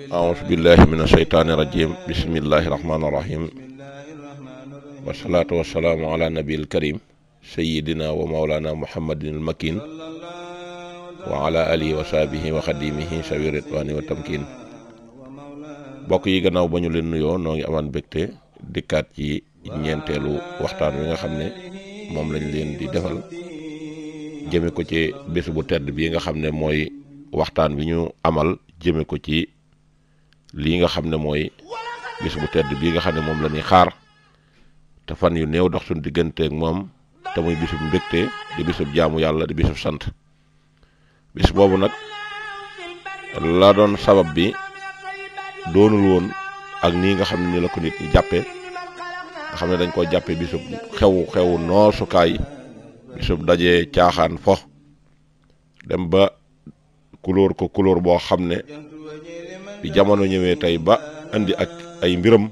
أعوذ بالله من الشيطان الرجيم بسم الله الرحمن الرحيم والصلاة والسلام على النبي الكريم سيدنا bokk yi gannaaw bañu leen nuyoo noo ngi amaan bégte dikkaat ci ñeenteelu waxtaan wi nga xam ne moom lañ leen di defal jëme ko ci bés bu tedd bii nga xam ne mooy waxtaan wi ñu amal jëme ko ci lii nga xam ne mooy bis bu tedd bii nga xam ne moom la ñuy xaar te fan yu néew dox suñu digganteeg moom te muy bisub mbégte di bisub jaamu yàlla di bisub sant bis boobu nag la doon sabab bi doonul woon ak nii nga xam ne ni la ko nit ñi jàppe nga xam ne dañ koo jàppee bisub xew xew noosukaay bisub dajee caaxaan fo dem ba kulóor ko kulóor boo xam ne bi jamono ñëwee tey ba indi ak ay mbiram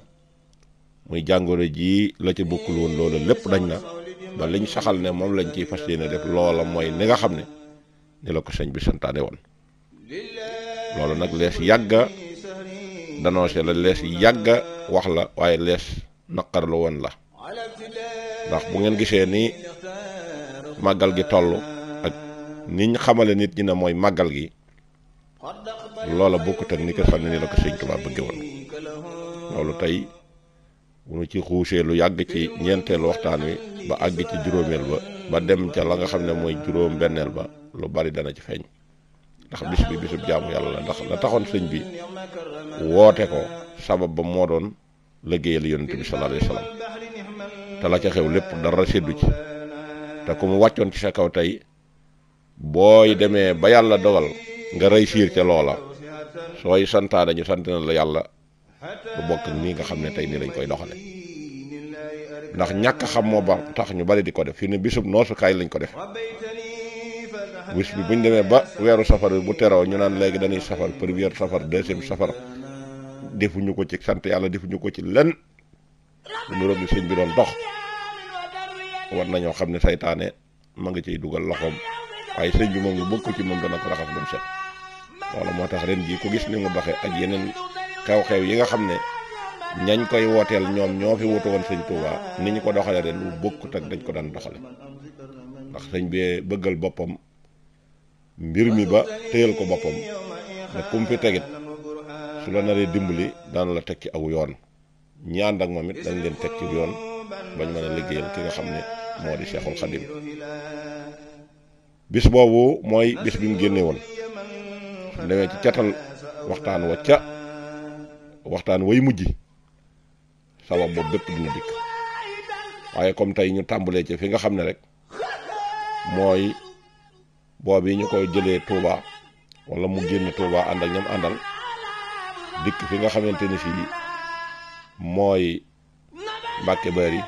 muy jàngoro ji la ci bokkul woon loola lépp dañ na ba liñ saxal ne moom lañ ciy fas yéene def loola mooy ni nga xam ne ni la ko sëñ bi santaane woon loolu nag lees yàgga danoncé la lees yàgga wax la waaye lees naqar la woon la ndax bu ngeen gisee ni màggal gi toll ak niñ xamale nit ñi ne mooy màggal gi loola bokkut ak ni ko xam ne ni la ko sëñ Tuubaa bëgge woon loolu tey bu ma ci xuusee lu yàgg ci ñeenteelu waxtaan wi ba àgg ci juróomeel ba ba dem ca la nga xam ne mooy juróom benneel ba lu bari dana ci feeñ ndax bis bi bisub jaamu yàlla la ndax la taxoon sëñ bi woote ko sabab ba moo doon liggéeyal yonent bi sallallahu alayhi wasallam te la ca xew lépp dara seddu ci te ko mu wàccoon ci sa kaw tey booy demee ba yàlla dogal nga réussir ca loola sooy santaane ñu sant na la yàlla bu bokk nii nga xam ne tey nii lañ koy doxale ndax ñàkk xam moo ba tax ñu bari di ko def fii ne bisub noosukaay lañ ko def bis bi buñ demee ba weeru safar bi bu teroo ñu naan léegi dañuy safar première safar deuxième safar defuñu ko ci sant yàlla defuñu ko ci lenn ñu roog sëñ bi doon dox war nañoo xam ne seytaane ma ngi ciy dugal loxoom waaye sëñ bi moom lu bokk ci moom dana ko raxas ba mu set loolu moo tax ren jii ku gis ni mu doxee ak yeneen xew-xew yi nga xam ne ñañ koy wooteel ñoom ñoo fi wutu woon sëñ Touba ni ñu ko doxalee ren lu bokkut ak dañ ko daan doxale ndax sëñ bi bëggal boppam mbir mi ba téyal ko boppam ne kum fi tegit su la naree dimbali daanu la teg ci aw yoon ñi ànd ak moom it dañ leen teg ci yoon bañ mën a liggéeyal ki nga xam ne moo di Cheikhul Khadim bis boobu mooy bis bi mu génne woon newee ci catal waxtaan wa ca waxtaan way mujj sabab boobu bépp dina dikk waaye comme tey ñu tàmbalee ci fi nga xam ne rek mooy boobu yi ñu koy jëlee Touba wala mu génn Touba ànd ak ñoom àndal dikk fi nga xamante ni fii mooy Mbàkke Bari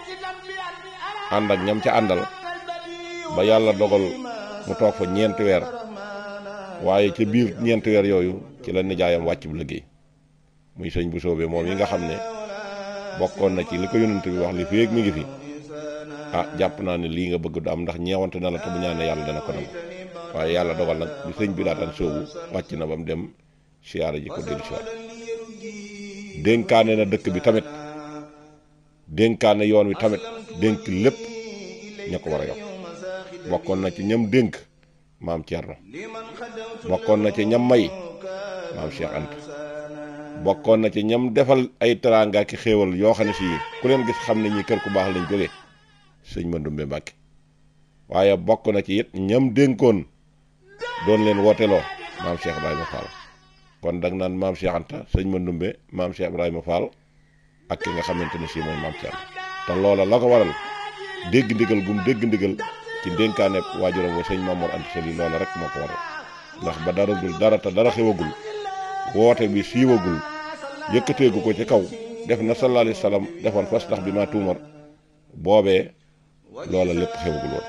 ànd ak ñam ca àndal ba yàlla dogal mu toog fa ñeenti weer waaye ci biir ñeenti weer yooyu ci la nijaayam wàcc bu liggéey muy sëñ bu soobee moom yi nga xam ne bokkoon na ci li ko yonent bi wax li feeg mi ngi fi ah jàpp naa ne lii nga bëgg du am ndax ñeewante na la te bu ñaanee yàlla dana ko nangu waaye yàlla dogal nag bi sëñ bi daataan soobu wàcc na ba mu dem siyaara ji ko dellu siwaat dénkaane na dëkk bi tamit dénkaane yoon wi tamit dénk lépp ña ko war a yor bokkoon na ci ñam dénk maam na bokkoon na ci ñam may maam Cheikh bokkoon na ci ñam defal ay teraanga ak xéewal yoo xam ne si ku leen gis xam ne ñi kër ku baax lañ jógee sëñ Mandumbe Mbàkke waaye bokk na ci it ñam dénkoon doon leen wooteloo maam Cheikh Ibrahima kon dag naan maam Cheikh Anta sëñ Mandumbe maam Cheikh Ibrahima Fall ak ki nga xamante ne si mooy maam Thierno te loola la ko waral dégg ndigal gum dégg ndigal ci ndénkaane waajuram wa sëñ Mamour Anta Sali loola rek moo ko waral ndax ba dara dul dara te dara xewagul woote bi siiwagul yëkkateegu ko ci kaw def na sallallahu alayhi wa sallam defoon fas tax bi ma tuumar boobee loola lépp xewagul woon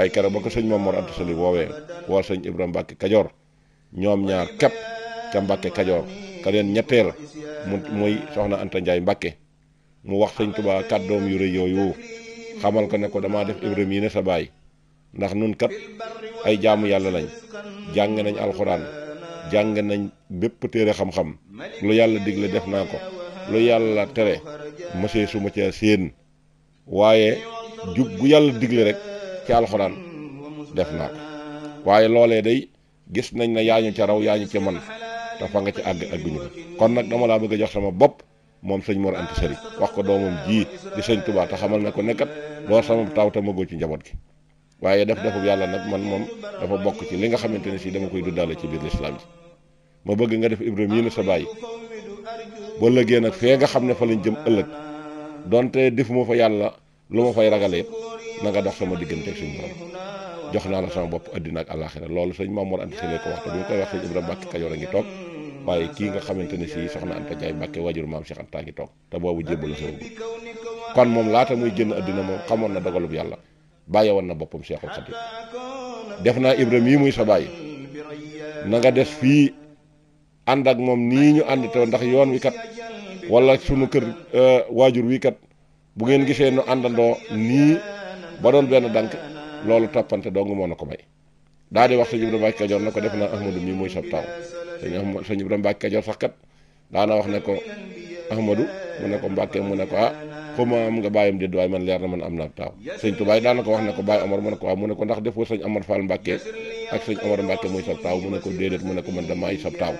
ay ba ko sëñ Mamour Anta Sali woowee woo sëñ Ibrahima Mbacke Kajoor ñoom ñaar képp ca Mbacke Kajoor ka ñetteel muy soxna Anta Ndiaye Mbacke mu wax sëñ Tuubaa kàddoom yu rëy yooyu xamal ko ne ko damaa def Ibrahima yi ne sa baay ndax nun kat ay jaamu yàlla lañ jàng nañ alxuraan jàng nañ bépp téere xam-xam lu yàlla digle def naa ko lu yàlla tere mësee suma ca séen waaye jub gu yàlla digle rek ci alxuraan def naa ko waaye loolee day gis nañ ne yaa ñu ca raw yaa ñu ca man te fa nga ci àgg àgguñu ko kon nag dama laa bëgg a jox sama bopp moom sëñ Mor Anta Sali wax ko doomam ji di sëñ Touba te xamal na ko nekkat loo sama taw te magoo ci njaboot gi waaye def defub yàlla nag man moom dafa bokk ci li nga xamante ne si dama koy duddaale ci biir lislaam ji ma bëgg nga def Ibrahima yi na sa bàyyi boo lëggee nag fee nga xam ne fa lañ jëm ëllëg donte fu ma fa yàlla lu ma fay ragalee na nga dox sama diggante ak suñu borom jox naa la sama bopp àddina ak àllaaxira loolu sëñ Maam Mor Anta Sali ko wax te bu ñu a ngi toog bàyyi kii nga xamante ne sii soxna Anta Ndiaye Mbacke waajur maam Cheikh Anta ngi toog te boobu jébbalu xewgu kon moom laata muy génn àddina moom xamoon na dogalub yàlla bàyyi woon na boppam Cheikhul Khadim def naa Ibrahima yi muy sa bàyyi na nga des fii ànd ak moom nii ñu ànd te ndax yoon wi kat wala sunu kër euh, waajur wi kat bu ngeen gisee nu àndandoo nii ba doon benn dank loolu toppante dong moo na ko may daa di wax sa Ibrahima Mbacke Kajoor na ko def naa Ahmadou mii muy sa taw sëñ Ahmad sëñ Ibrahima Mbàkke Kajoor sax kat daana wax ne ko Ahmadou mu ne ko Mbàkke mu ne ko ah xuma am nga bàyyam déet waaye man leer na man am naa taaw sëñ Tuubaa daana ko wax ne ko Baye Omar mu ne ko waaw mu ne ko ndax defoo sëñ Amar ne ko ne ko man damaay sab taaw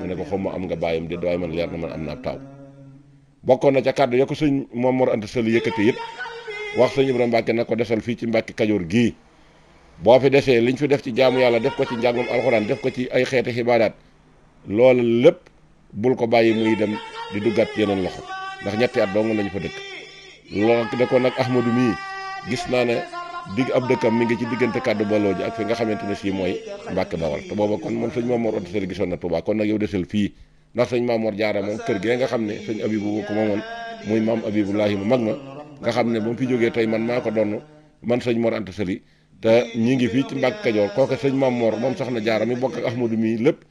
mu ne ko xuma am nga bàyyam déet waaye man leer na man am naa taaw bokkoon na ca kàddu ya ko moom Maam Mor Anta Sali yëkkati it wax sëñ Ibrahima Mbàkke na ko desal fii ci Mbàkke Kajoor gii boo fi desee liñ fi def ci jaamu yàlla def ko ci njàngum alxuraan def ko ci ay xeeti xibaadaat loola lépp bul ko bàyyi muy dem di duggaat yeneen loxo ndax ñetti at dong lañu fa dëkk loolu da ko nag Ahmadu mii gis naa ne digg ab dëkkam mi ngi ci diggante kàddu baloo ji ak fi nga xamante ne sii mooy Mbàkke Bawal te booba kon moom sëñ Maamoor Anta Sali gisoon na Tuubaa kon nag yow desal fii ndax sëñ Maamoor Jaara moom kër gee nga xam ne sëñ Abibu moo ko moomoon muy maam Abibulaahi mu mag ma nga xam ne ba mu fi jógee tey man maa ko doon man sëñ Mor Anta Sali te ñi ngi fii ci Mbàkke Kajoor kooke sëñ Maamoor moom soxna Jaara mi bokk ak Ahmadu mii lépp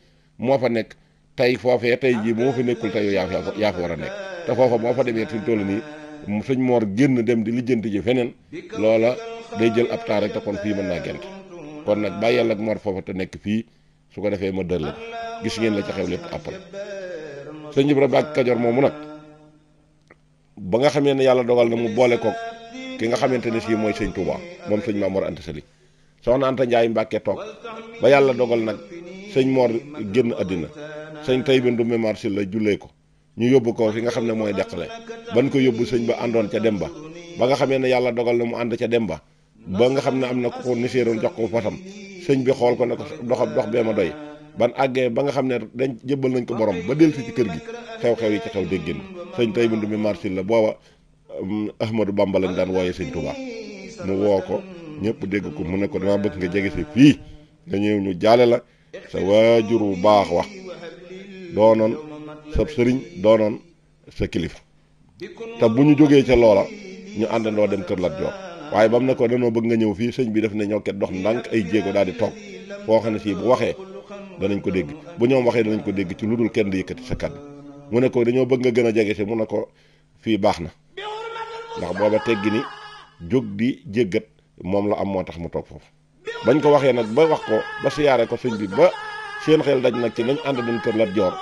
moo fa nekk tey foofee tey jii moo fa nekkul tey yaa yaa fa war a nekk te foofa moo fa demee fi mu toll nii sëñ moor génn dem di lijjanti ji feneen loola day jël ab temps rek te kon fii mën naa gent kon nag bàyyi yàlla ak moor foofa te nekk fii su ko defee ma dër gis ngeen la ca xew lépp àppal sëñ Ibra Mbàkke Kajoor moomu nag ba nga xamee ne yàlla dogal na mu boole koog ki nga xamante ne sii mooy sëñ Touba moom sëñ Maam Mor Anta Sali soo Anta Njaay Mbàkke toog yàlla dogal nag sëñ Mor génn àddina sëñ tey bindu mémoire si la jullee ko ñu yóbbu ko fi nga xam ne mooy deqale ban ko yóbbu sëñ ba àndoon ca dem ba ba nga xamee ne yàlla dogal na mu ànd ca dem ba ba nga xam ne am na ku ko niséeroon jox ko fasam sëñ bi xool ko ne ko doxam dox bee ma doy ban àggee ba nga xam ne dañ jébbal nañ ko boroom ba dell si ci kër gi xew-xew yi ci xew déggéen sëñ tey bindu mémoire si la booba um, Ahmadou Bamba lañ daan wooye sëñ Touba mu woo ko ñëpp dégg ko mu ne ko dama bëgg nga jege si fii sa waajur wu baax wax doonoon sa sëriñ doonoon sa kilifa te bu ñu jógee ca loola ñu àndandoo dem kër Lat Joor waaye ba mu ne ko danoo bëgg nga ñëw fii sëñ bi def ne ñoo ket dox ndànk ay jéego daal di toog foo xam ne sii bu waxee danañ ko dégg bu ñoom waxee danañ ko dégg ci lu dul kenn di yëkkati sa kàddu mu ne ko dañoo bëgg nga gën a jege si mu ne ko fii baax na ndax booba teggi ni jóg di jéggat moom la am moo tax mu toog foofu bañ ko waxee nag ba wax ko ba siyaare ko suñ bi ba seen xeel daj nag ci nañ ànd dem kër Lat Joor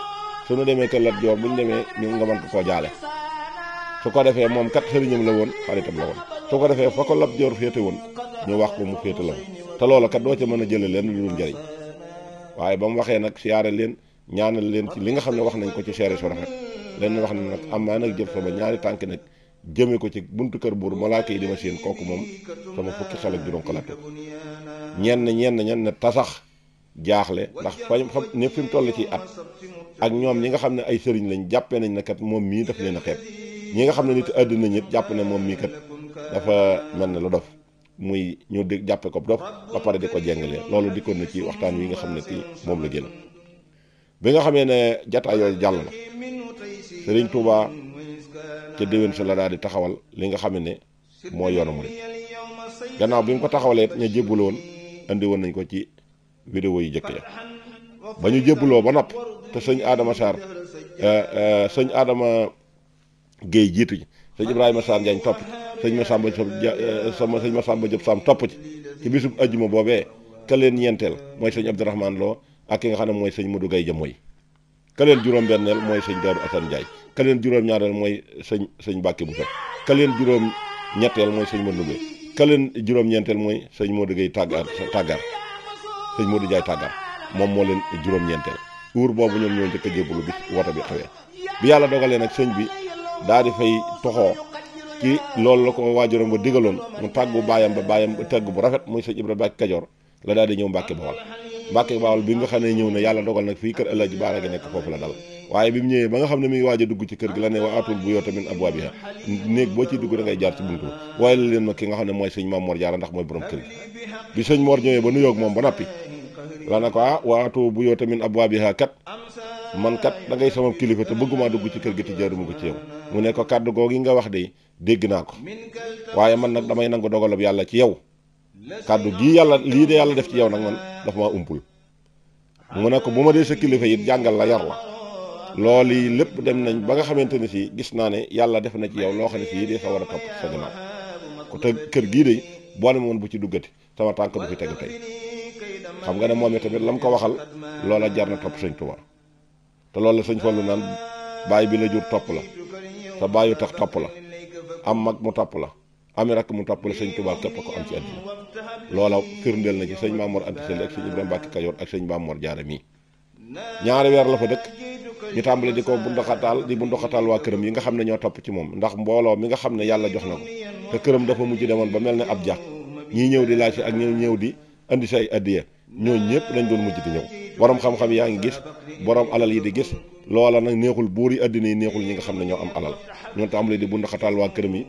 suñu demee kër Lat Joor buñ demee ñu nga man ko koo jaale su ko defee moom kat sëriñam la woon xaritam la woon su ko defee fa ko Lat Joor féete woon ñu wax ko mu féete la te loolu kat doo ca mën a jële leen lu dul njëriñ waaye ba mu waxee nag siyaare leen ñaanal leen ci li nga xam ne wax nañ ko ci seere su rafet leen wax ne nag am naa nag jëf so ba ñaari tànk nag jëme ko ci buntu kër buur malaaka yi di ma seen kooku moom sama fukki xel ak juróom xalaatu ñenn ñenn ñenn ne tasax jaaxle ndax fañ xam ne fi mu toll ci at ak ñoom ñi nga xam ne ay sëriñ lañ jàppee nañ ne kat moom mii daf leen a xeeb ñi nga xam ne nit àddina ñit jàpp ne moom mii kat dafa mel na lu dof muy ñu di jàppe ko dof ba pare di ko jàngalee loolu dikkoon na ci waxtaan wi nga xam ne ci moom la génn bi nga xamee ne jataay yooyu jàll na sëriñ Touba. te déwén sa la daal di taxawal li nga xam ne moo yoonu murit gannaaw bi mu ko taxawalee ñu jébbuloon woon andi woon nañ ko ci vidéo yi jëkk ya ba ñu jébbaloo ba nopp te sëñ Adama Sarr eh, eh, sëñ Adama Guèye jiitu ci sëñ Ibrahima Sarr Njaañ topp ci sëñ Massamba eh, sama sëñ Massamba Diop Sam topp ci ci bisub ajjuma boobee ka ñeenteel mooy sëñ Abdourahmane Lo ak ki nga xam ne mooy sëñ Modou gay Jamoy ka leen juróom-benneel mooy sëñ Daaru Assane Ndiaye ka leen juróom-ñaareel mooy sëñ sëñ Mbàkke bu sax ka leen juróom-ñetteel mooy sëñ Modou Gueye ka leen mooy sëñ Modou Gueye tàggaar tàggaar sëñ Modou Ndiaye moom moo leen juróom-ñeenteel uur boobu ñoom ñoo njëkk a jébbalu bi wata bi xawee bi yàlla dogalee nag sëñ bi daa di fay toxoo ci loolu la ko waajuram ba digaloon mu tàggu baayam ba baayam ba tàggu bu rafet muy sëñ Ibra Mbàkke Kajoor la daal ñëw Mbàkke Bawol Mbàkke Bawol bi nga xam ne ñëw na yàlla dogal nag fii kër Alaaji Baara gi nekk foofu la dal waaye bi mu ñëwee ba nga xam ne mi waaja dugg ci kër gi la ne wa atul bu yoo tamit ab waa néeg boo ciy dugg da ngay jaar ci buntu waaye la leen ma ki nga xam ne mooy sëñ Maam Mor Jaara ndax mooy borom kër gi bi sëñ Mor ñëwee ba nuyoog moom ba noppi la ne ko ah waatu bu yoo tamit ab waa bi kat man kat dangay ngay sama kilifa te bëgguma dugg ci kër gi te jaaruma ko ci yow mu ne ko kàddu googu nga wax de dégg naa ko waaye man nag damay nangu dogalab yàlla ci yow kàddu gii yàlla lii de yàlla def ci yow nag man daf maa umpul mu ne ko ma dee sa kilifa it jàngal la yar la lool yi lépp dem nañ ba nga xamante ne si gis naa ne yàlla def na ci yow loo xam ne si dee sa war a topp sa gannaaw ko te kër gii de boo ne bu ci duggati sama tànk du fi tegu tey xam nga ne moom tamit lam ko waxal loola jar na topp sëñ Tuubaa te loolu la sëñ lu naan baay bi la jur topp la sa baayu tax topp la am mag mu topp la am rakk mu topp la sëñ Tuubaa képp ko am ci àddina loola firndeel na ci sëñ Maamor Anta Sali ak sëñ Ibrahima Mbàkke Kajoor ak sëñ Maamor Jaara mii ñaari weer ñu tàmbale di ko bundoxataal di bundoxataal waa këram yi nga xam ne ñoo topp ci moom ndax mbooloo mi nga xam ne yàlla jox na ko te këram dafa mujj demoon ba mel ne ab jax ñii ñëw di laajte ak ñëw ñëw di indi say addiya ñooñu ñëpp dañ doon mujj di ñëw borom xam-xam yaa ngi gis borom alal yi di gis loola nag neexul buur yi addina yi neexul ñi nga xam ne ñoo am alal ñoo tàmbale di bundoxataal waa këram yi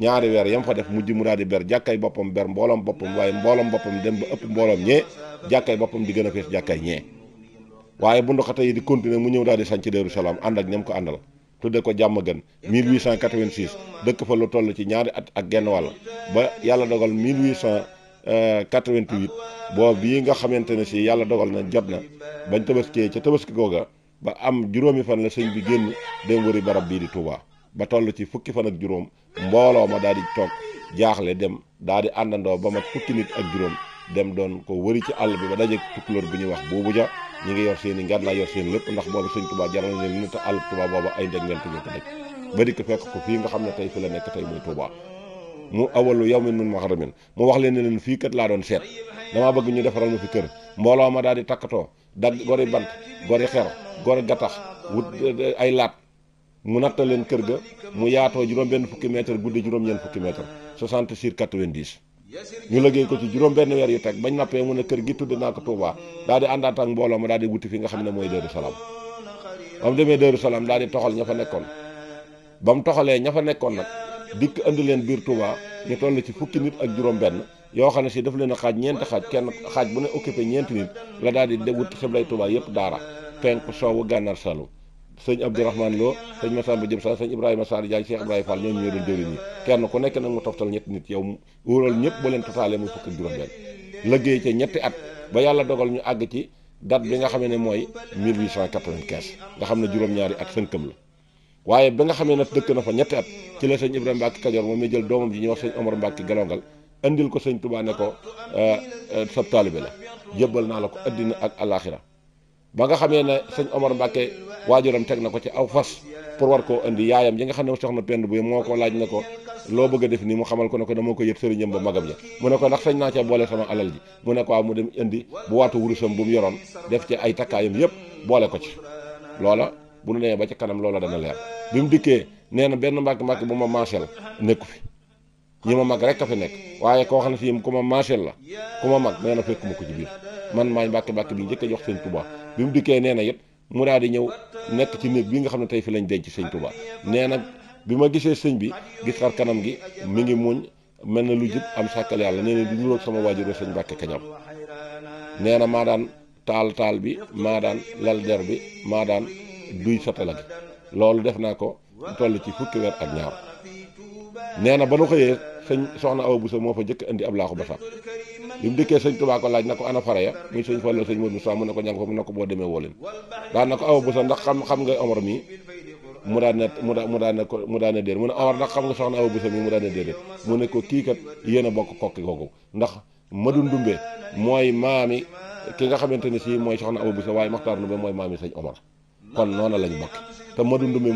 ñaari weer yam fa def mujj mu daal di ber jàkkay boppam ber mbooloom boppam waaye mbooloom boppam dem ba ëpp mbooloom ñee jàkkay boppam di gën a fees jàkkay waaye bu ndoxate yi di continuer mu ñëw daal di sanc Daaru Salaam ànd ak ñam ko àndal tudde ko jàmm gën 1886 dëkk fa lu toll ci ñaari at ak genn wàll ba yàlla dogal 1888 boobu bii nga xamante ne si yàlla dogal na jot na bañ tabaskee ca tabaski googa ba am juróomi fan la sëñ bi génn dem wëri barab bii di Touba ba toll ci fukki fan ak juróom mbooloo ma daal di toog jaaxle dem daal di àndandoo ba mat fukki nit ak juróom dem doon ko wëri ci àll bi ba dajeeg tukulóor bi ñuy wax boobu ja ñi ngi yor seen i naa laa yor seen lépp ndax boobu sëñ Tuubaa jaral leen ni te àll Tuubaa booba ay ndeg ngeen tuñu ko dëkk ba dikk fekk ko fii nga xam ne tey fi la nekk tey muy Tuubaa mu awalu yow min mun maxaramin mu wax leen ne leen fii kat laa doon seet damaa bëgg ñu defaral ma fi kër mbooloo ma daa di takkatoo dagg gori bant gori xer gori gattax wut eh, eh, ay laat mu nattal leen kër ga mu yaatoo juróom benn fukki mètre guddi juróom-ñeent fukki mètre 60 sur ñu liggéey ko ci juróom benn weer yu teg bañ nappee mu ne kër gi tudd naa ko Touba daal di àndaat ak mbooloo ma daal di wuti fi nga xam ne mooy Darou Salaam ba mu demee Darou Salaam daal di toxal ña fa nekkoon ba mu toxalee ña fa nekkoon nag dikk indi leen biir Touba ñu toll ci fukki nit ak juróom benn yoo xam ne si daf leen a xaaj ñeenti xaaj kenn xaaj bu ne occupé ñeenti nit la daal di wut xiblay Touba yëpp daara penk soowu gànnaar Saloum sëñ Abdourahmane Lo sëñ Massamba Diop Sall sëñ Ibrahima Sall Diagne Cheikh Ibrahima Fall ñooñu ñoo doon jëwriñ ñi kenn ku nekk nag mu toftal ñetti nit yow mu wóoral ñëpp ba leen totaale mu fukk ak juróom-benn liggéey ca ñetti at ba yàlla dogal ñu àgg ci date bi nga xamee ne mooy 1895 nga xam ne juróom-ñaari at sënkam la waaye ba nga xamee ne dëkk na fa ñetti at ci la sëñ Ibrahima Mbacke Kajoor moom mi jël doomam ji ñuy wax sëñ Omar Mbacke Galongal andil ko sëñ Touba ne ko euh, euh, sab taalibe la jëbbal naa la ko addina ak alaxira ba nga xamee ne sëñ Omar Mbacke waajuram teg na ko ci aw fas pour war koo indi yaayam yi nga xam ne soxna Pend bu moo ko laaj ne ko loo bëgg a def nii mu xamal ko ne ko dama ko yëpp sëriñam ba magam ja mu ne ko ndax sañ naa cee boole sama alal ji mu ne ko mu dem indi bu waatu wurusam bu mu yoroon def ci ay takkaayam yëpp boole ko ci loola bu nu demee ba ci kanam loola dana leer bi mu dikkee nee na benn mbàkk mbàkk bu ma maaseel nekku fi ñi ma mag rek a nekk waaye koo xam ne fii ku ma maaseel la ku ma mag nee na fekk ma ko ci biir man maay mbàkk mbàkk bi njëkk a jox bi mu dikkee nee na it mu daal di ñëw nekk ci néeg bi nga xam ne tey fi lañ denc sëñ Touba nee na bi ma gisee sëñ bi gis xar kanam gi mu ngi muñ mel na lu jub am sàkkal yàlla nee na di nuroog sëñ Mbàkke Kañam nee na maa daan taal taal bi maa daan lal der bi maa daan duy satala gi loolu def naa ko toll ci fukki weer ak ñaar nee na ba nu xëyee sëñ soxna Awa Bousso moo fa jëkk indi ab laaxu ba sax bi mu dikkee sëñ Tuubaa laaj na ko ana fara ya muy sëñ Fallu sëñ Moodu Musaa mu ne ko ña fa mu ne daan na ko xam xam nga Omar mii mu daan ne mu daan mu daan ne mu daan ne déer mu ne Omar ndax xam nga soxna awa bu sa mii mu daan ne déer mu ne ko kii a bokk mooy maami sa waaye Maxtaar Dumbe mooy maami sëñ Omar kon noona lañ bokk te Madun mi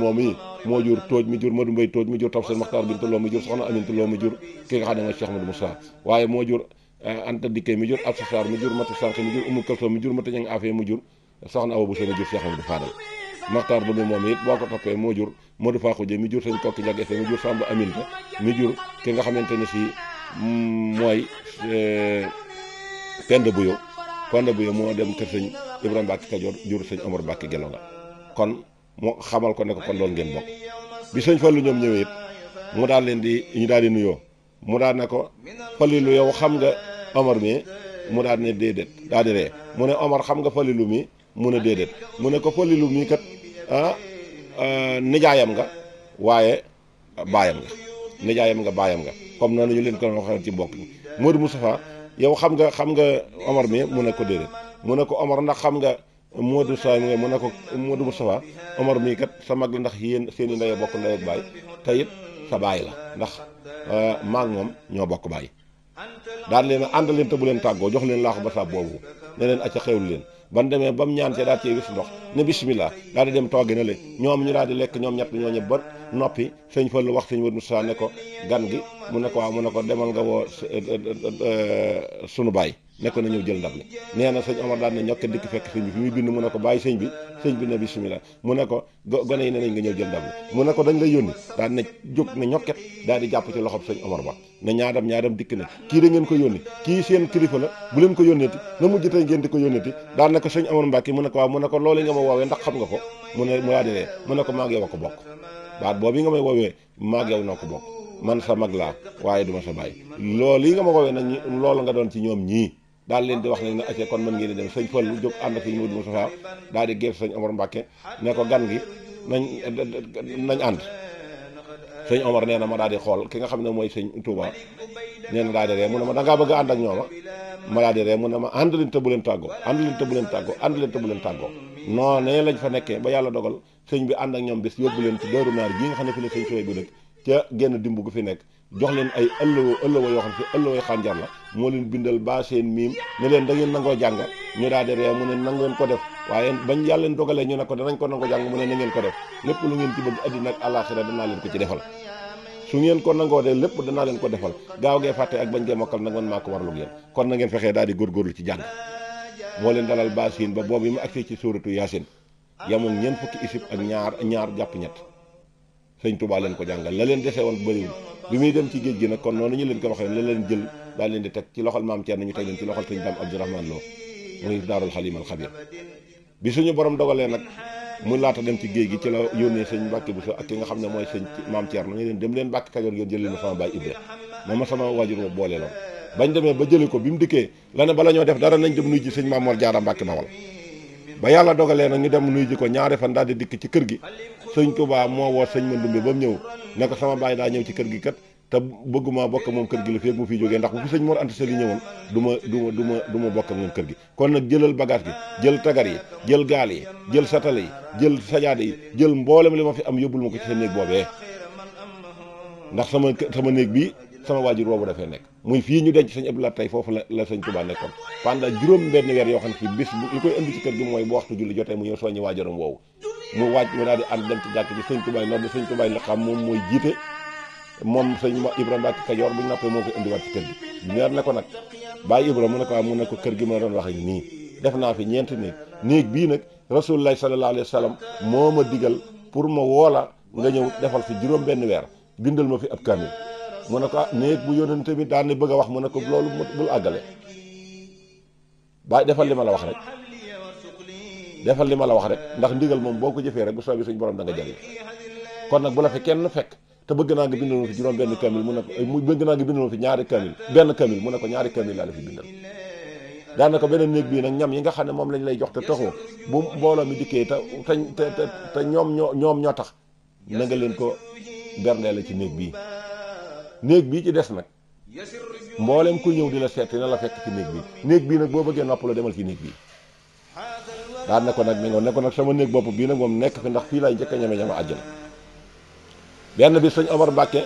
jur Madun Mbay tooj mi jur Tafsir Maxtaar Binta Loo mi jur soxna Aminta Loo mi jur ne mooy Cheikh Modou Moussa waaye moo jur Eh, Anta Dikkee mi jur Absa Sarr mi jur Mati Sarr mi jur Umu Kalsoom mi jur Mati Ñang Afee mu jur soxna Awa Bousso mi jur Cheikh Amadou Fadal Maxtaar Bousso moom it ko toppee moo jur Modou Fakhouje mi jur sëñ Kokki Jagese mi jur Samba Aminta mi ki nga xamante ne si mm, mooy eh, Penda Buyo bu Buyo moo dem kër sëñ Ibrahima Mbacke Kajoor jur sëñ Omar Mbacke Gelonga kon mu xamal ko ne kon loolu ngeen bokk bi sëñ Fallu ñoom ñëwee it mu daal leen di ñu daal di nuyoo mu daal ne ko Fallu yow xam nga. Omar mi mu daal ne déedéet daal di ree mu ne Omar xam nga Falilu mi mu ne déedéet mu ne ko Falilu mi kat ah, ah nijaayam nga waaye baayam nga nijaayam nga baayam nga comme noonu ñu leen ko waxee ci mbokk mi Modou Moustapha yow xam nga xam nga Omar mi mu ne ko déedéet mu ne ko Omar ndax xam nga Modou Moustapha mi mu ne ko Modou Moustapha Omar mii kat sa mag la ndax yéen seen i bokk ndey ak baay te sa baay la ndax ah, maa moom ñoo bokk baay. daal leen a ànd leen te bu leen tàggoo jox leen laaxu basaab boobu ne leen acca xewlu leen ban demee ba mu ñaan cee daal cee wis ndox ne bismillah daal di dem tooge na le ñoom ñu daal di lekk ñoom ñett ñoo ñëpp ba noppi sëñ Fallu wax sëñ Wadu Musaa ne ko gan gi mu ne ko waaw mu ne ko demal nga woo euh, euh, euh, sunu baay ne ko na ñëw jël ndab li nee na sëñ Omar daan na ñokk dikk fekk sëñ bi fi muy bind mu ne ko bàyyi sëñ bi sëñ bi ne bisimilah mu ne ko gone yi ne nañ nga ñëw jël ndab li mu ne ko dañ lay yónni daan na jóg ne ñokket daa di jàpp ci loxob sëñ Omar ba ne ñaa ñaadam dikk ne kii da ko yónni kii seen kilifa la bu leen ko yónneeti na mujj tey ngeen di ko yónneeti daan na ko sëñ Omar Mbàkke mu ne ko waaw mu ne ko loolu nga ma woowee ndax xam nga ko mu ne mu a mag laa waaye duma sa bàyyi loolu yi nga ma woowee nag nga doon ci ñoom ñii daal leen di wax ne na acce kon mën ngeen di dem sëñ Fallu jóg ànd ak sëñ Moodu Mustafaa daal di geer sëñ Omar Mbàkke ne ko gan gi nañ ànd sëñ Omar nee ma daal di xool ki nga xam ne mooy sëñ Touba nee na daal di ree mu na ma dangaa bëgg a ànd ak ñooma ma daal di ree mu ne ma ànd leen te bu leen tàggoo ànd leen te bu leen tàggoo ànd leen te bu leen tàggoo non ne lañ fa nekkee ba yàlla dogal sëñ bi ànd ak ñoom bis yóbbu leen ci dooru naar gi nga xam ne fi la sëñ Suwaybu ca genn dimb gu fi nekk jox leen ay ëllëwo ëllëwo yoo xam ne ëllëwoy xànjar la moo leen bindal baa seen miim ne leen da ngeen nangoo jàng ñu daa defee mu ne nangeen ko def waaye bañ yàlla dogalee ñu ne ko danañ ko nangoo jàng mu ne na ko def lépp lu ngeen ci bëgg àddina ak àllaaxira danaa leen ko ci defal su ngeen ko nangoo de lépp danaa leen ko defal gaaw gee fàtte ak bañ gee mokkal nag man maa ko warlu yéen kon na ngeen fexee daal di góorgóorlu ci jàng moo leen dalal baa seen ba boobu yi mu agsee ci suuratu yaasin yamoon ñeent fukki ak ñaar ñaar jàpp ñett sëñ Touba leen ko jàngal la leen dese woon bëriwul bi muy dem ci géej gi nag kon noonu ñu leen ko waxee la leen jël daal leen di teg ci loxol maam Thierno ñu teg leen ci loxol sëñ Dame Abdourahmane Lo muy daarul xalimal bi suñu borom dogalee nag mu laata dem ci géej gi ci la yónnee sëñ Mbàkke Buso ak ki nga xam ne mooy sëñ maam Thierno ñu leen dem leen Mbàkke Kajoor ngeen jël leen sama baay Ibra moom ma sama waajur ma boole loon bañ demee ba jëlee ko bi mu dikkee la ne bala ñoo def dara nañ dem nuy ji sëñ Maam Mor Jaara Mbàkke Bawal ba yàlla dogalee nag ñu dem nuy ji ko ñaari fan daal di dikk ci kër gi sëñ baa moo woo sëñ Mandumbe ba mu ñëw nekk sama baay daa ñëw ci kër gi kat te bëgguma bokk moom kër gi la feeg mu fi jógee ndax bu fi sëñ moo Anta Sali ñëwoon du ma du ma ma du ma bokk ak kër gi kon nag jëlal bagage jël tagar yi jël gaal jël satale yi jël sajaada yi jël mboolem li ma fi am yóbbul ma ko ci sa néeg boobee ndax sama sama néeg bii sama waajur boobu dafee nekk muy fii ñu denc sëñ Abdou Lahad foofu la la sëñ Touba nekkoon pendant juróom benn weer yoo xam ne si bis li koy indi ci kër gi mooy bu waxtu julli jotee mu ñëw soññi waajuram woowu mu waaj mu daal di ànd dem ci jàkk ji sëñ Touba noonu sëñ Touba la xam moom mooy jiite moom sëñ Ibrahima Mbacke Kajoor bu ñu noppee moo koy indiwaat ci kër gi leer na ko nag bàyyi Ibrahima mu ne ko waaw mu ne ko kër gi ma doon wax ak nii def naa fi ñeenti néeg néeg bii nag rasulullah sallallahu alayhi wa sallam moo ma digal pour ma woola nga ñëw defal fi juróom benn weer bindal ma fi ab kaamil mu ne ko ah, néeg bu yónnante bi daan ne bëgg a wax mu ne ko loolu bul àggale bàyyi defal li ma la wax rek defal li ma la wax rek ndax ndigal moom boo ko jëfee rek bu soobee suñu borom da nga jëriñ kon nag bu la fi kenn fekk te bëgg naa nga bindal ma fi juróom benn kamil mu ne ko bëgg naa nga bindal ma ñaari kamil benn kamil mu ne ko ñaari kamil laa la fi bindal ko beneen néeg bii nag ñam yi nga xam ne moom lañ lay jox te taxoo bu mbooloo mi dikkee te te te ñoom ñoo ñoom ñoo tax na nga leen ko berndee la ci néeg bii néeg bii ci des nag mboolem ku ñëw di la seet yi na la fekk ci néeg bi néeg bii nag boo bëggee noppalu demal ci néeg bii daan na ko nag mi ngoon ne ko nag sama néeg bopp bii nag moom nekk fi ndax fii laay njëkk a ñeme ñama benn bi sëñ Omar Mbàkke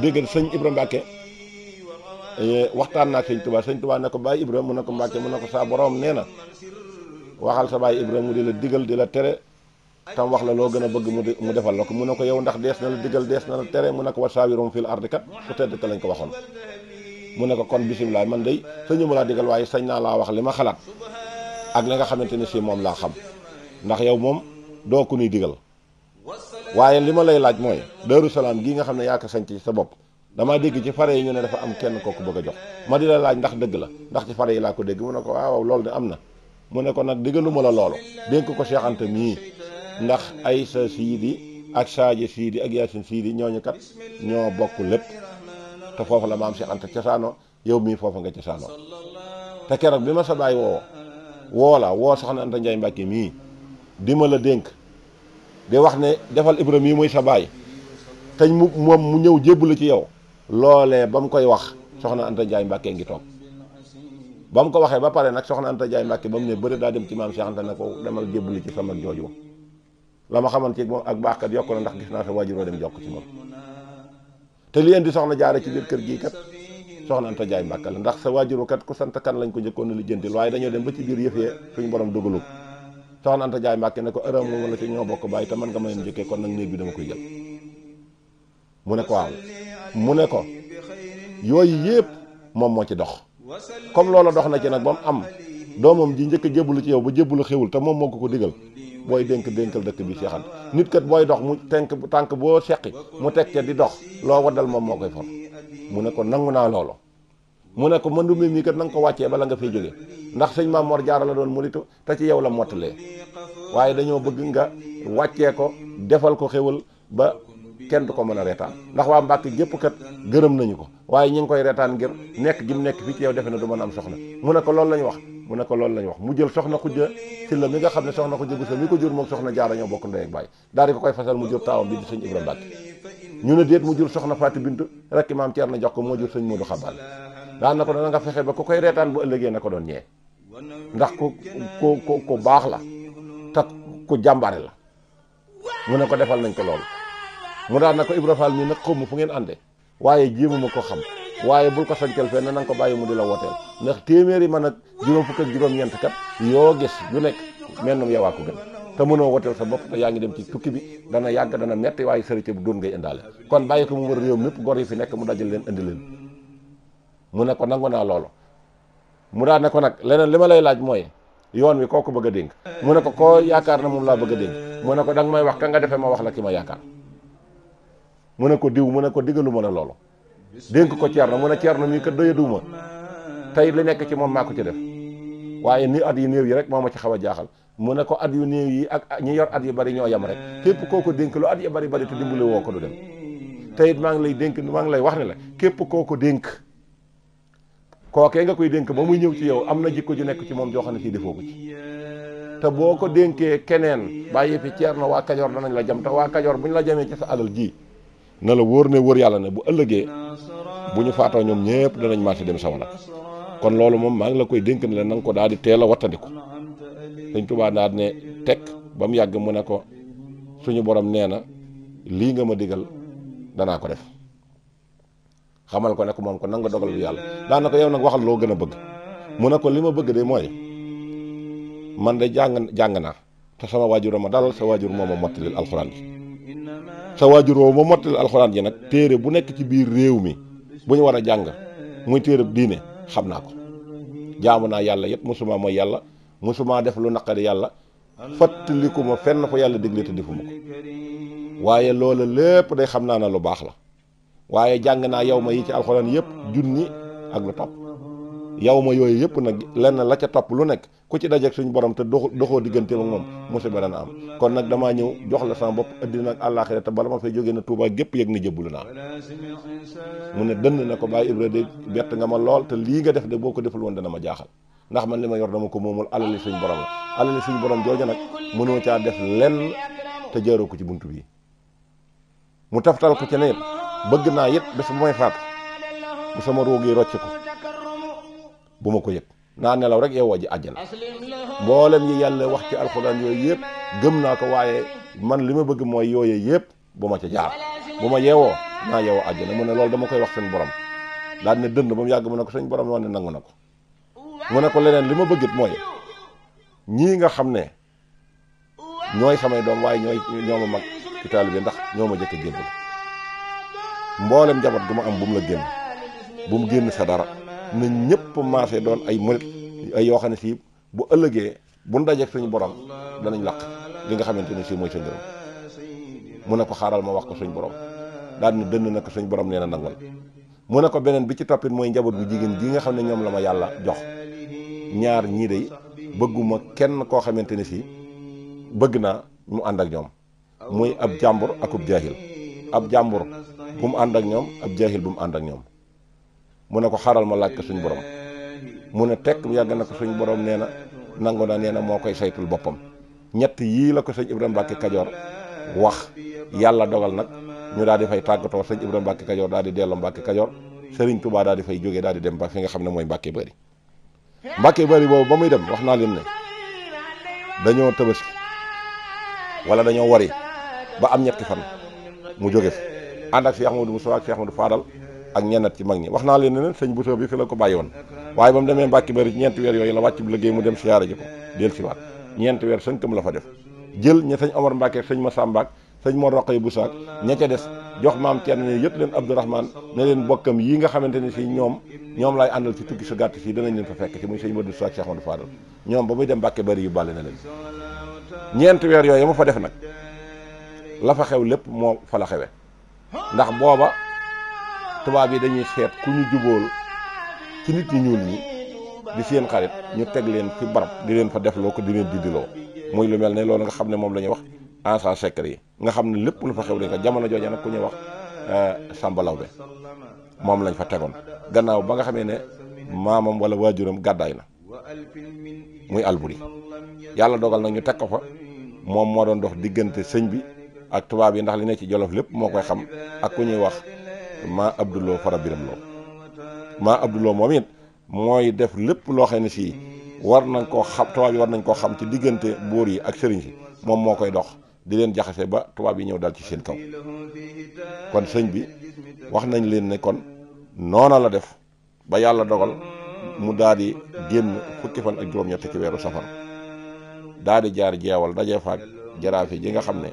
dégg sëñ Ibra Mbàkke eh, waxtaan naa sëñ Tuubaa sëñ Tuubaa ne ko bàyyi Ibra mu ne ko Mbàkke mu ne ko saa borom nee na waxal sa bàyyi Ibra mu di la digal di la tere te wax la loo gën a bëgg mu defal la ko mu ne ko yow ndax dees na la digal dees na la tere mu ne ko wa saawirum fil ardi kat ku tedd ka lañ ko waxoon mu ne ko kon bisimilah man day sañu ma laa digal waaye sañ naa laa wax li ma xalaat ak li nga xamante ne si moom laa xam ndax yow moom doo ku nuy digal waaye li ma lay laaj mooy Daaru Salaam gii nga xam ne yaa ko sañ ci sa bopp damaa dégg ci fare yi ñu ne dafa am kenn kooku bëgg a jox ma di la laaj ndax dëgg la ndax ci fare yi laa ko dégg mu ko waaw loolu de am na mu ne ko nag digalu ma la loolu ko Cheikh Anta mii ndax ay Aysa siidi ak Saaje siidi ak Yaasin siidi ñooñu kat ñoo bokk lépp te foofu la maam si Anta cosaano yow mii foofu nga cosaano te keroog bi ma sa baay woo woo la woo soxna Anta Njaay Mbàkke mii di ma la dénk di wax ne defal Ibrahima mii muy sa baay te mu moom mu ñëw jébbalu ci yow loolee ba mu koy wax soxna Anta Njaay Mbàkke ngi toog ba mu ko waxee ba pare nag soxna Anta Njaay Mbàkke ba mu ne bëri daa dem ci maam si Anta ne ko demal jébbalu ci sama jooju la ma xamante moom ak baax kat yokk na ndax gis naa sa waajuroo dem jokk ci moom te li leen di soxna jaare ci biir kër gii kat soxna Anta Jaay Mbàkke la ndax sa waajuroo kat ku sant kan lañ ko njëkkoon li jëntil waaye dañoo dem ba ci biir yëfee suñu borom dugalul soxna Anta Jaay Mbàkke ne ko ëram wala ci ñoo bokk bàyyi te man nga ma leen njëkkee kon nag néeg bi dama ko jël mu ne ko waaw mu ne ko yooyu yëpp moom moo ci dox comme loola dox na ci nag ba mu am doomam ji njëkk a jébbalu ci yow ba jébbalu xewul te moom moo ko ko digal booy dénk dénkal dëkk bi Cheikh Anta nit kat booy dox mu tànk tànk boo seqi mu teg ca di dox loo waddal moom moo koy for mu ne ko nangu naa loolu mu ne ko mëndu mi mii kat na ko wàccee bala nga fay jóge ndax sëñ Maam Mor Jaara la doon mulitu te ci yow la mottalee waaye dañoo bëgg nga wàccee ko defal ko xéwal ba kenn du ko mën a reetaan ndax waa Mbàkke gépp kat gërëm nañu ko waaye ñi ngi koy reetaan ngir nekk gi mu nekk fii ci yow defe na du mën a am soxna mu ne ko loolu la ñu wax mu ne ko loolu lañu wax mu jël soxna Khoudia Sylla mi nga xam ne soxna Khoudia Bousso mi ko jur moom soxna jaara ñoo bokk ndey ak baay daal di ko koy fasal mu jur taawam bi di sëñ Ibra Mbàkke ñu ne déet mu jur soxna Fatou Bintou rek maam Thierno jox ko moo jur sëñ Modou Xabal daan na ko dana nga fexe ba ku koy reetaan bu ëllëgee na ko doon ñee ndax ku ko ku ku baax la te ku jàmbaare la mu ne ko defal nañ ko loolu mu daan na ko Ibra Fall mi nag xaw ma fu ngeen ànde waaye jéemuma ko xam waaye bul ko sañcal fenn na nga ko bàyyi mu di la wooteel ndax téeméeri man ak juróom fukk ak juróom-ñeent kat yoo gis yu nekk mennum yowaa ko gën te mënoo wooteel sa bopp yaa ngi dem ci tukki bi dana yàgg dana metti waaye sërité bu doon ngay indaale kon bàyyi ko mu wër réew mépp gor yi fi nekk mu dajal leen indi leen mu ne ko nangu naa loolu mu daa nekkoo nag leneen li ma lay laaj mooy yoon wi koo ko bëgg a dénk mu ne ko koo yaakaar na moom laa bëgg a dénk mu ko danga may wax ka nga defee ma wax la ki ma yaakaar mu ne ko diw mu ne ko digalu ma la loolu dénk ko na Thierno mu ne Thierno mii kat doyaduma tey li nekk ci moom maa ko ci def waaye ni at yu néew yi rek moo ma ci xaw a jaaxal mu ne ko at yu néew yi ak ñi yor at yu bari ñoo yem rek képp koo ko dénk lu at yu bari bari te dimbale woo ko du dem tey it maa ngi lay dénk maa ngi lay wax ne la képp koo ko dénk kookee nga koy dénk ba muy ñëw ci yow am na jikko ju nekk ci moom joo xam ne sii defoo ko ci te boo ko dénkee keneen bàyyi fi Thierno waa Kajoor danañ la jam te waa Kajoor bu ñu la jamee ci sa alal ji na la wóor ne wóor yàlla ne bu ëllëgee bu ñu faatoo ñoom ñëpp danañ màcc dem sawara kon loolu moom maa ngi la koy dénk ne la na ko daal di teel a wattandiku Sëñ Tuubaa daal ne teg ba mu yàgg mu ne ko suñu borom nee na lii nga ma digal danaa ko def xamal ko ne ko moom ko nan nga dogal bi yàlla daanaka yow nag waxal loo gën a bëgg mu ne ko li ma bëgg de mooy man de jàng jàng naa te sama waajur ma dalal sa waajur moom a mottalil alxuraan bi sa waajur woowu ma mottali alxuraan ji nag téere bu nekk ci biir réew mi bu war a jàng muy téere diine xam naa ko jaamu naa yàlla yëpp mosuma mooy yàlla mosuma def lu naqari yàlla fàttaliku ma fenn fa yàlla digle te defuma ko waaye loola lépp day xam naa ne lu baax la waaye jàng naa yow ma yi ci alxuraan yëpp junni ak lu topp yow ma yooyu yëpp nag lenn la ca topp lu nekk ku ci dajeeg suñu borom te dox doxoo diggante ak moom musiba dana am kon nag damaa ñëw jox la sama bopp addina ak àllaaxira te bala ma fay jógee na Touba gépp yëg ni jëbbulu naa mu ne dënd na ko bàyyi Ibra de bett nga ma lool te lii nga def de boo ko deful woon dana ma jaaxal ndax man li ma yor dama ko moomul alali suñu borom la alali suñu borom jooju nag mënoo caa def lenn te jaaroo ko ci bunt bi mu taftal ko ci ne bëgg naa it bés bu may sama roog yi rocc bu ma ko yëg naa nelaw rek yeewoo ji àjjana mboolem yi yàlla wax ci alxuraan yooyu yëpp gëm naa ko waaye man li ma bëgg mooy yooye yëpp bu ma ca jaar bu ma yeewoo naa yeewoo àjjana mu ne loolu dama koy wax seen borom daal ne dënd ba yàgg mu ne ko seen borom wax ne nangu na ko mu ne ko leneen li ma bëggit mooy ñii nga xam ne ñooy samay doom waaye ñooy ñoo ma mag ci taalibe bi ndax ñoo ma jëkk a jébbalu mboolem jabat gu ma am bu mu la génn bu génn sa dara na ñëpp maase doon ay murit ay yoo xam ne sii bu ëllëgee bu nu dajeeg borom danañ laq li nga xamante ne sii mooy sa ngërëm mu ne ko xaaral ma wax ko suñ borom daal na dënd na suñ borom nee na nangul mu ne ko beneen bi ci toppit mooy njaboot bu jigéen gi nga xam ne ñoom la ma yàlla jox ñaar ñii day bëgguma kenn koo xamante ne sii bëgg naa mu ànd ak ñoom muy ab jàmbur ak ub jaahil ab jàmbur bu mu ànd ak ñoom ab jaahil bu mu ànd ak ñoom mu ne ko xaaral ma laaj ko suñu borom mu ne tekk yàgg na ko suñu borom nee na nangu na nee na moo koy saytul boppam ñetti yii la ko sëñ Ibrahima Mbacke Kajoor wax yàlla dogal nag ñu daa di fay tàggatoo sëñ Ibrahima Mbacke Kajoor daal di delloo Mbacke Kajoor Serigne Touba daal di fay jógee daal di dem ba fi nga xam ne mooy Mbacke Bari Mbacke Bari boobu ba muy dem wax naa leen ne dañoo tabaski wala dañoo wari ba am ñetti fan mu jóge fi ànd ak Cheikh Ahmadou Moussa du Cheikh ak ñenat ci mag ñi wax naa leen ne leen sëñ Bousso bi fi la ko bàyyi woon waaye ba mu demee Mbàkke Bari ñeenti weer yooyu la wàcc bu liggéey mu dem siyaare ji ko del siwaat ñeenti weer sënkam la fa def jël sëñ Omar Mbàkke sëñ Masamba ak sëñ Mor Roqay des jox maam Thierno ne yëpp leen Abdourahmane ne leen bokkam yi nga xamante ne si ñoom ñoom laay àndal ci tukki su gàtt si danañ leen fa fekk muy sëñ Madou Sow ak Cheikh Amadou Fadal ñoom ba muy dem Mbàkke Bari yu bàlle na leen ñeenti weer yooyu mu fa def nag la fa xew lépp moo fa la xewe ndax booba tubaab yi dañuy seet ku ñu jubóol ci nit ñu ñuul ñi di seen xarit ñu teg leen fi barab di leen fa def loo ko di leen diddiloo muy lu mel ne loolu nga xam ne moom la ñuy wax agent secret yi nga xam ne lépp lu fa xew lañ ko jamono jooja nag ku ñuy wax euh, Samba Lawbe moom lañ fa tegoon gannaaw ba nga xamee ne maamam wala waajuram gàddaay na muy Alburi yàlla dogal nag ñu teg ko fa moom moo doon dox diggante sëñ bi ak tubaab yi ndax li ne ci Jolof lépp moo koy xam ak ku ñuy wax maa abduloo fara biram loo maa abduloo moom it mooy def lépp loo xam ne sii war nañ ko xam tubaab yi war nañ koo xam ci diggante buur yi ak sëriñ si moom moo koy dox di leen jaxase ba tubaab yi ñëw dal ci seen kaw kon sëñ bi wax nañ leen ne kon noona la def ba yàlla dogal mu daal di génn fukki fan ak juróom-ñett ci weeru safar daal di jaar jeewal dajee faak jaraafe ji nga xam ne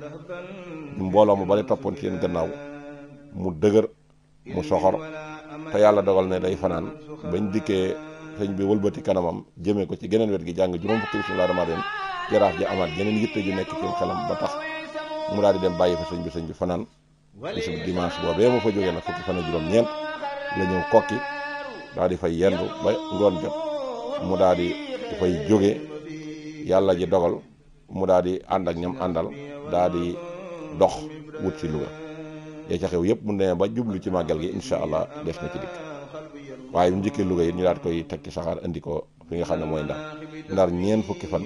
mbooloo mu bari toppoon ci seen gannaaw mu dëgër mu soxor te yàlla dogal ne day fanaan bañ dikkee sëñ bi walbati kanamam jëmee ko ci geneen wet gi jàng juróom fukki bismillaahi rahmaani rahiim jaraaf ji amaat yeneen yitte ju nekk ci xelam ba tax mu daal di dem bàyyi fa sëñ bi sëñ bi fanaan bisu dimanche boobee ma fa jógee nag fukki fan ak juróom-ñeent la kokki daal di fay yendu ba ngoon jot mu daal di fay jóge yàlla ji dogal mu daal di ànd ak ñam àndal daal di dox wut ci Louga yee ca xew yëpp mu ne ba jublu ci màggal gi incha allah def na ci dikk waaye bu njëkkee Louga yi ñu daat koy teg ci saxaar andi ko fi nga xam ne mooy ndar ndar ñeent fukki fan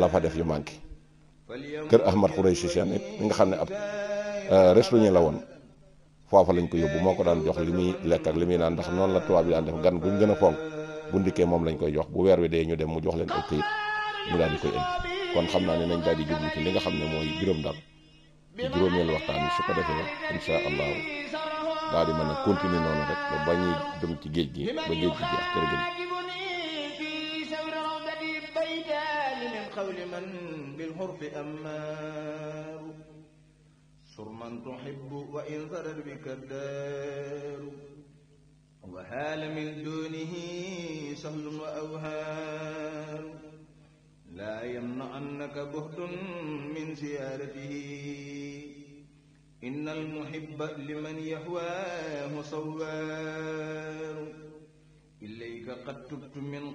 la fa def yu manqué kër Ahmad Khouraychi Seen it nga xam ne ab euh, restaurant la woon foofa lañ ko yóbbu moo ko daan jox li muy lekk ak li muy naan ndax noonu la tubaab bi daan def gan buñ gën a fonk bu ndikkee moom lañ koy jox bu weer wi dee ñu dem mu jox leen ay këyit ñu daal di koy indi kon xam naa ne nañ daal di jublu ci li nga xam ne mooy biróom daal ci juróomeelu waxtaan bi su ko defee incha allahu daal di mën a continuer noonu rek ba ba ñuy dem ci géej gi ba géej gi jeex jërëjëf. قول من بالعرف أمار سر من تحب وإن فرد بك الدار وهال من دونه سهل وأوهام laa yamna'annaka buhtun min ziyaaratihi innal muhibba liman yahwaahu sawwaaru ilayka qad tubtu min